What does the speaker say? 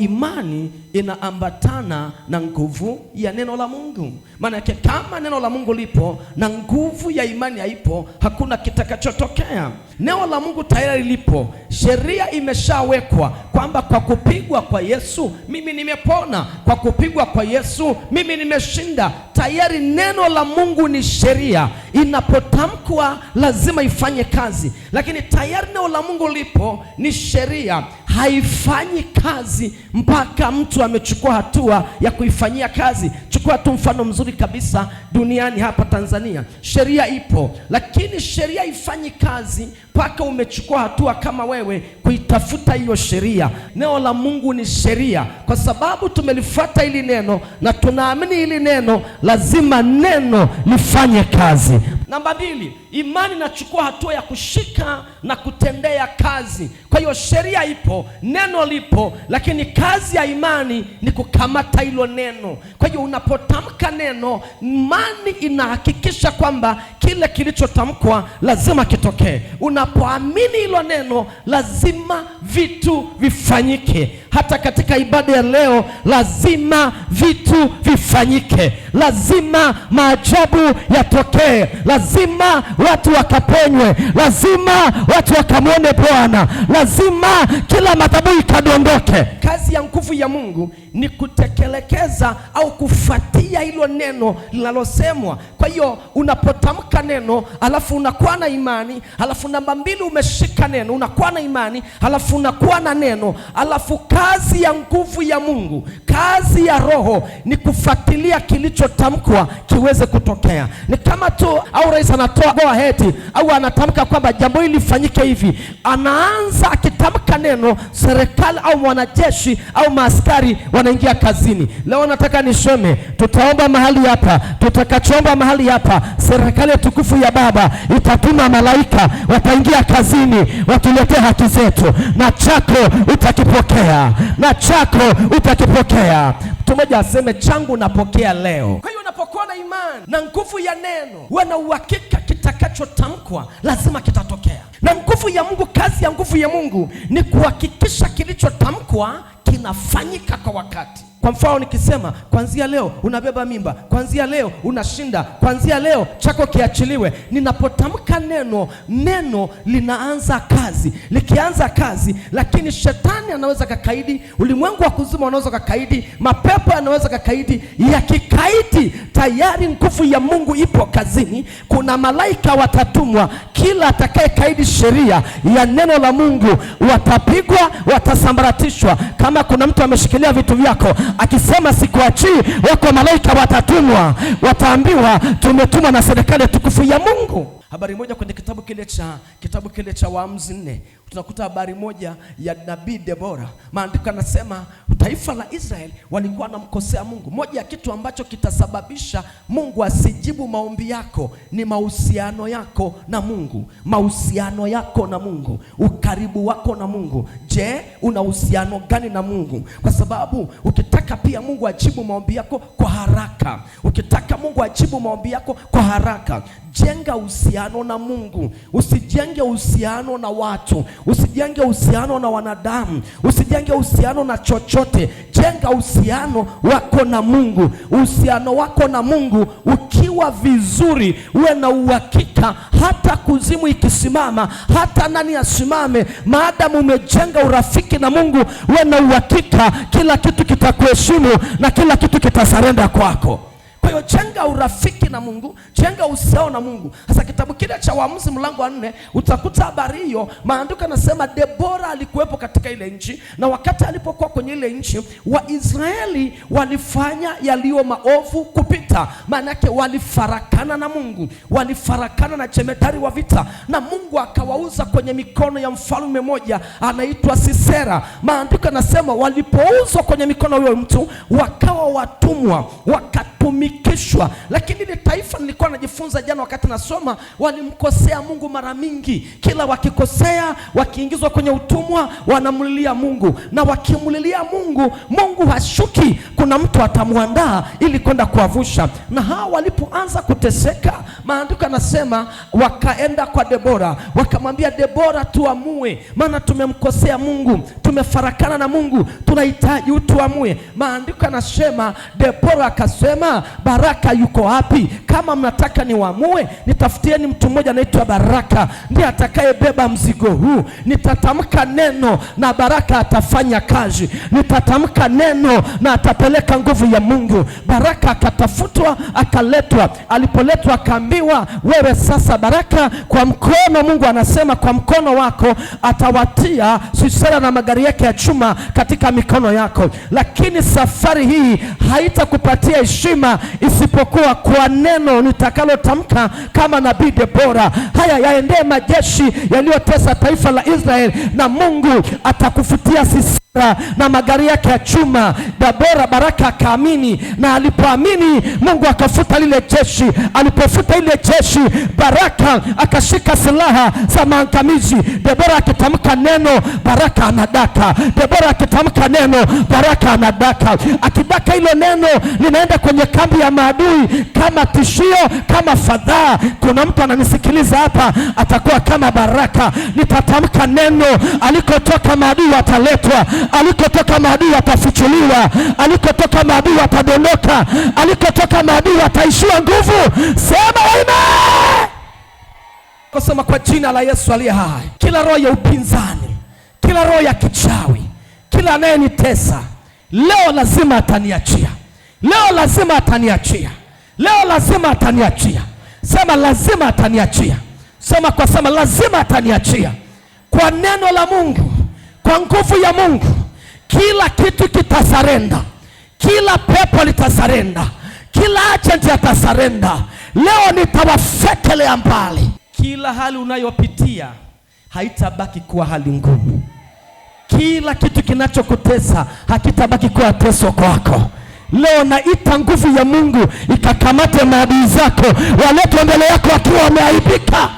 Imani inaambatana na nguvu ya neno la Mungu. Maana yake kama neno la Mungu lipo na nguvu ya imani haipo, hakuna kitakachotokea. Neno la Mungu tayari lipo, sheria imeshawekwa kwamba kwa kupigwa kwa Yesu mimi nimepona, kwa kupigwa kwa Yesu mimi nimeshinda. Tayari neno la Mungu ni sheria, inapotamkwa lazima ifanye kazi, lakini tayari neno la Mungu lipo, ni sheria haifanyi kazi mpaka mtu amechukua hatua ya kuifanyia kazi. Chukua tu mfano mzuri kabisa duniani hapa Tanzania, sheria ipo, lakini sheria haifanyi kazi mpaka umechukua hatua kama wewe kuitafuta hiyo sheria. Neno la Mungu ni sheria, kwa sababu tumelifuata hili neno na tunaamini hili neno, lazima neno lifanye kazi. Namba mbili, imani inachukua hatua ya kushika na kutendea kazi. Kwa hiyo sheria ipo, neno lipo, lakini kazi ya imani ni kukamata hilo neno. Kwa hiyo unapotamka neno, imani inahakikisha kwamba kile kilichotamkwa lazima kitokee. Unapoamini hilo neno lazima vitu vifanyike. Hata katika ibada ya leo lazima vitu vifanyike, lazima maajabu yatokee, lazima watu wakaponywe, lazima watu wakamwone Bwana, lazima kila madhabu ikadondoke. Kazi ya nguvu ya Mungu ni kutekelekeza au kufuatia hilo neno linalosemwa. Kwa hiyo unapotamka neno alafu unakuwa na imani, alafu namba mbili umeshika neno unakuwa na imani alafu tunakuwa na neno, alafu kazi ya nguvu ya Mungu, kazi ya Roho ni kufuatilia kilichotamkwa kiweze kutokea. Ni kama tu au rais anatoa go ahead au anatamka kwamba jambo hili lifanyike hivi, anaanza akitamka neno, serikali au mwanajeshi au maaskari wanaingia kazini. Leo nataka niseme, tutaomba mahali hapa, tutakachoomba mahali hapa, serikali ya tukufu ya Baba itatuma malaika, wataingia kazini, watuletee haki zetu na na chako utakipokea, na chako utakipokea. Mtu mmoja aseme changu napokea leo. Kwa hiyo unapokuwa na imani na nguvu ya neno, uwe na uhakika kitakachotamkwa lazima kitatokea, na nguvu ya Mungu, kazi ya nguvu ya Mungu ni kuhakikisha kilichotamkwa kinafanyika kwa wakati. Kwa mfano nikisema kuanzia leo unabeba mimba, kuanzia leo unashinda, kuanzia leo chako kiachiliwe, ninapotamka neno, neno linaanza kazi. Likianza kazi, lakini shetani anaweza kakaidi, ulimwengu wa kuzima unaweza kakaidi, mapepo anaweza kakaidi. Yakikaidi tayari nguvu ya Mungu ipo kazini. Kuna malaika watatumwa, kila kaidi sheria ya neno la Mungu watapigwa, watasambaratishwa. Kama kuna mtu ameshikilia vitu vyako akisema sikuachii, wako malaika watatumwa, wataambiwa tumetumwa na serikali tukufu ya Mungu. Habari moja kwenye kitabu kile cha kitabu kile cha Waamuzi nne tunakuta habari moja ya nabii Debora. Maandiko yanasema taifa la Israeli walikuwa wanamkosea Mungu. Moja ya kitu ambacho kitasababisha Mungu asijibu maombi yako ni mahusiano yako na Mungu, mahusiano yako na Mungu, ukaribu wako na Mungu. Je, una uhusiano gani na Mungu? Kwa sababu ukitaka pia Mungu ajibu maombi yako kwa haraka, ukitaka Mungu ajibu maombi yako kwa haraka. Jenga uhusiano na Mungu, usijenge uhusiano na watu, usijenge uhusiano na wanadamu, usijenge uhusiano na chochote. Jenga uhusiano wako na Mungu. Uhusiano wako na Mungu ukiwa vizuri, uwe na uhakika, hata kuzimu ikisimama, hata nani asimame, maadamu umejenga urafiki na Mungu, uwe na uhakika, kila kitu kitakuheshimu na kila kitu kitasarenda kwako urafiki na Mungu, jenga uhusiano na Mungu. Sasa kitabu kile cha Waamuzi mlango wa nne utakuta habari hiyo. Maandiko yanasema Debora alikuwepo katika ile nchi, na wakati alipokuwa kwenye ile nchi Waisraeli walifanya yaliyo maovu kupita. Maana yake walifarakana na Mungu, walifarakana na chemetari wa vita, na Mungu akawauza kwenye mikono ya mfalme mmoja anaitwa Sisera. Maandiko yanasema walipouzwa kwenye mikono ya huyo mtu wakawa watumwa wakati watatumikishwa. Lakini ile taifa nilikuwa najifunza jana wakati nasoma, walimkosea Mungu mara mingi. Kila wakikosea, wakiingizwa kwenye utumwa, wanamlilia Mungu, na wakimlilia Mungu, Mungu hashuki. Kuna mtu atamwandaa ili kwenda kuwavusha. Na hawa walipoanza kuteseka, maandiko yanasema wakaenda kwa Debora, wakamwambia Debora, tuamue, maana tumemkosea Mungu, tumefarakana na Mungu, tunahitaji utuamue. Maandiko yanasema Debora akasema Baraka yuko wapi? Kama mnataka niwamue nitafutieni mtu mmoja anaitwa Baraka, ndiye atakayebeba mzigo huu. Nitatamka neno na Baraka atafanya kazi, nitatamka neno na atapeleka nguvu ya Mungu. Baraka akatafutwa, akaletwa. Alipoletwa akaambiwa, wewe sasa Baraka, kwa mkono, Mungu anasema kwa mkono wako atawatia Sisera na magari yake ya chuma katika mikono yako, lakini safari hii haitakupatia heshima mzima, isipokuwa kwa neno nitakalotamka kama nabii Debora. Haya yaendee majeshi yaliyotesa taifa la Israeli, na Mungu atakufutia sisi na magari yake ya chuma. Dabora Baraka akaamini, na alipoamini Mungu akafuta lile jeshi. Alipofuta ile jeshi, Baraka akashika silaha za maangamizi. Debora akitamka neno, Baraka anadaka. Debora akitamka neno, Baraka anadaka. Akidaka hilo neno, linaenda kwenye kambi ya maadui kama tishio, kama fadhaa. Kuna mtu ananisikiliza hapa, atakuwa kama Baraka. Nitatamka neno, alikotoka maadui ataletwa Alikotoka maadui atafichuliwa, alikotoka maadui atadondoka, alikotoka maadui ataishiwa nguvu. Sema amen. Kusema kwa jina la Yesu aliye hai, kila roho ya upinzani, kila roho ya kichawi, kila anayenitesa leo lazima ataniachia, leo lazima ataniachia, leo lazima ataniachia. Sema lazima ataniachia, sema kwa sema lazima ataniachia, kwa neno la Mungu kwa nguvu ya Mungu kila kitu kitasarenda, kila pepo litasarenda, kila ajenti atasarenda. Leo nitawafekelea mbali. Kila hali unayopitia haitabaki kuwa hali ngumu. Kila kitu kinachokutesa hakitabaki kuwa teso kwako. Leo naita nguvu ya Mungu ikakamate maadui zako, waletwe mbele yako wakiwa wameaibika.